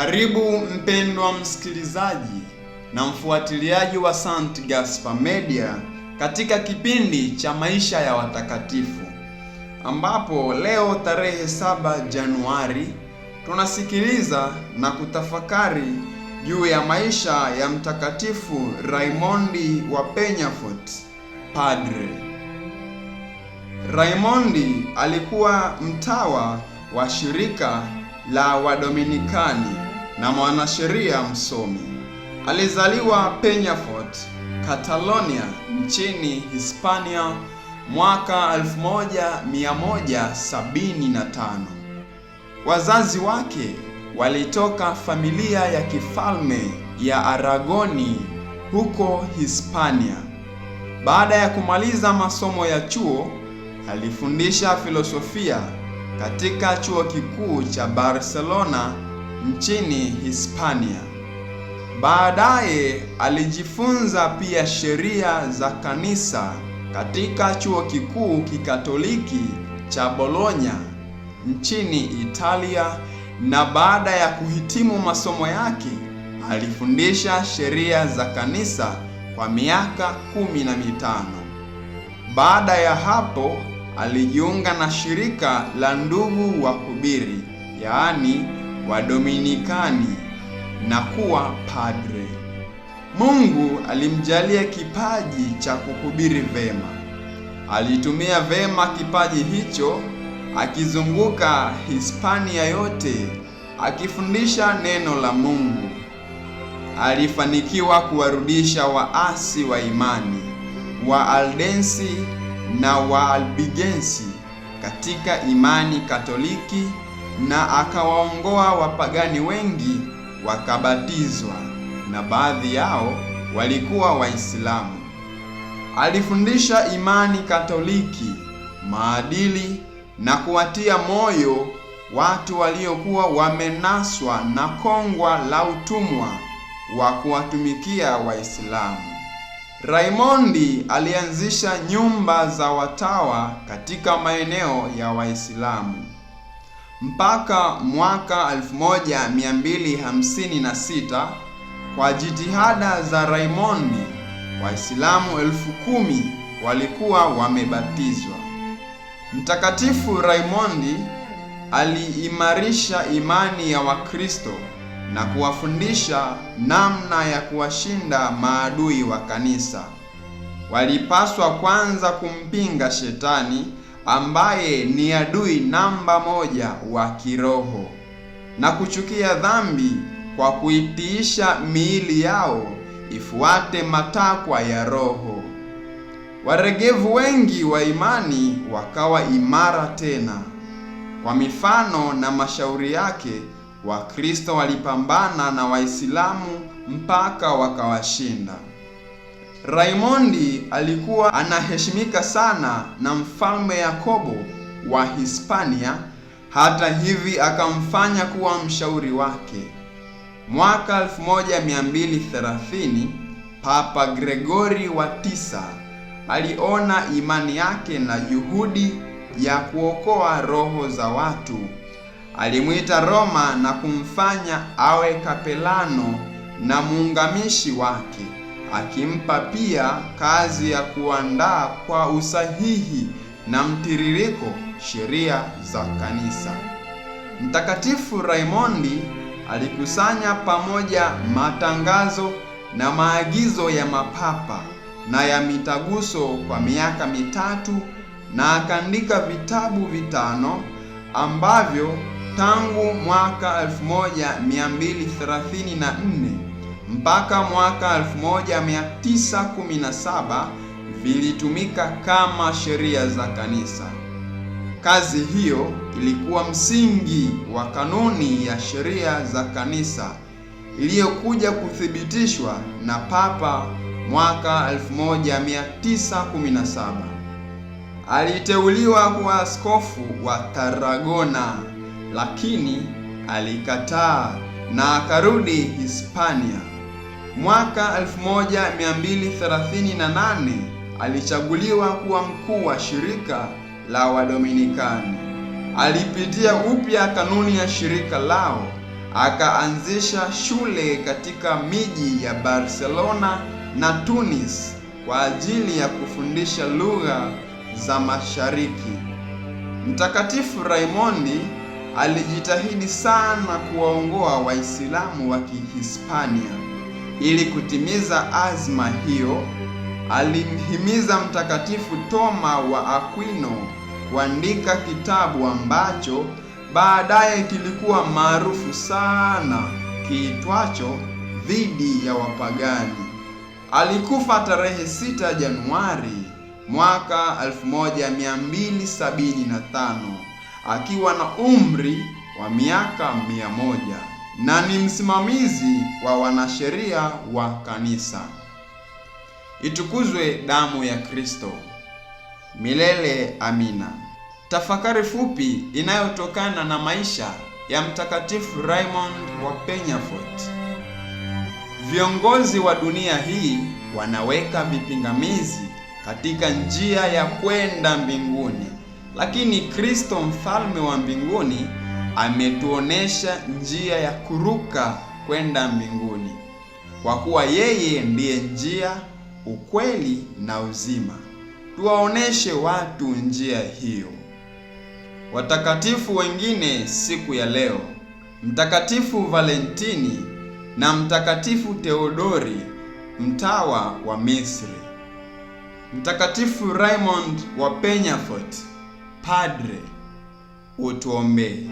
Karibu mpendwa msikilizaji na mfuatiliaji wa St. Gaspar Media katika kipindi cha maisha ya watakatifu, ambapo leo tarehe 7 Januari tunasikiliza na kutafakari juu ya maisha ya Mtakatifu Raimondi wa Penyafort, padre. Raimondi alikuwa mtawa wa shirika la Wadominikani na mwanasheria msomi. Alizaliwa Penyafort, Catalonia nchini Hispania mwaka 1175. Wazazi wake walitoka familia ya kifalme ya Aragoni huko Hispania. Baada ya kumaliza masomo ya chuo, alifundisha filosofia katika chuo kikuu cha Barcelona nchini Hispania. Baadaye alijifunza pia sheria za kanisa katika chuo kikuu kikatoliki cha Bologna nchini Italia, na baada ya kuhitimu masomo yake alifundisha sheria za kanisa kwa miaka kumi na mitano. Baada ya hapo alijiunga na shirika la ndugu wa kubiri yaani Wadominikani na kuwa padre. Mungu alimjalia kipaji cha kuhubiri vema. Alitumia vema kipaji hicho akizunguka Hispania yote akifundisha neno la Mungu. Alifanikiwa kuwarudisha waasi wa imani wa aldensi na wa albigensi katika imani Katoliki na akawaongoa wapagani wengi wakabatizwa, na baadhi yao walikuwa Waislamu. Alifundisha imani Katoliki, maadili na kuwatia moyo watu waliokuwa wamenaswa na kongwa la utumwa wa kuwatumikia Waislamu. Raimondi alianzisha nyumba za watawa katika maeneo ya Waislamu mpaka mwaka 1256 kwa jitihada za Raimondi, Waislamu elfu kumi walikuwa wamebatizwa. Mtakatifu Raimondi aliimarisha imani ya Wakristo na kuwafundisha namna ya kuwashinda maadui wa kanisa. Walipaswa kwanza kumpinga shetani ambaye ni adui namba moja wa kiroho na kuchukia dhambi kwa kuitiisha miili yao ifuate matakwa ya roho. Waregevu wengi wa imani wakawa imara tena. Kwa mifano na mashauri yake, Wakristo walipambana na Waislamu mpaka wakawashinda. Raimondi alikuwa anaheshimika sana na Mfalme Yakobo wa Hispania, hata hivi akamfanya kuwa mshauri wake. Mwaka 1230 Papa Gregori wa tisa aliona imani yake na juhudi ya kuokoa roho za watu. Alimwita Roma na kumfanya awe kapelano na muungamishi wake akimpa pia kazi ya kuandaa kwa usahihi na mtiririko sheria za kanisa. Mtakatifu Raimondi alikusanya pamoja matangazo na maagizo ya mapapa na ya mitaguso kwa miaka mitatu na akaandika vitabu vitano ambavyo tangu mwaka 1234 mpaka mwaka 1917 vilitumika kama sheria za kanisa. Kazi hiyo ilikuwa msingi wa kanuni ya sheria za kanisa iliyokuja kuthibitishwa na Papa mwaka 1917. Aliteuliwa kuwa askofu wa Tarragona, lakini alikataa na akarudi Hispania. Mwaka 1238 alichaguliwa kuwa mkuu wa shirika la Wadominikani. Alipitia upya kanuni ya shirika lao, akaanzisha shule katika miji ya Barcelona na Tunis kwa ajili ya kufundisha lugha za Mashariki. Mtakatifu Raimondi alijitahidi sana kuwaongoa Waislamu wa Kihispania. Ili kutimiza azma hiyo, alimhimiza Mtakatifu Toma wa Aquino kuandika kitabu ambacho baadaye kilikuwa maarufu sana kiitwacho Dhidi ya Wapagani. Alikufa tarehe 6 Januari mwaka 1275 akiwa na umri wa miaka mia moja na ni msimamizi wa wanasheria wa kanisa. Itukuzwe damu ya Kristo! Milele amina. Tafakari fupi inayotokana na maisha ya Mtakatifu Raymond wa Penyafort. Viongozi wa dunia hii wanaweka vipingamizi katika njia ya kwenda mbinguni, lakini Kristo mfalme wa mbinguni ametuonesha njia ya kuruka kwenda mbinguni, kwa kuwa yeye ndiye njia, ukweli na uzima. Tuwaoneshe watu njia hiyo. Watakatifu wengine siku ya leo, Mtakatifu Valentini na Mtakatifu Teodori mtawa wa Misri, Mtakatifu Raymond wa Penyafort padre utuombee.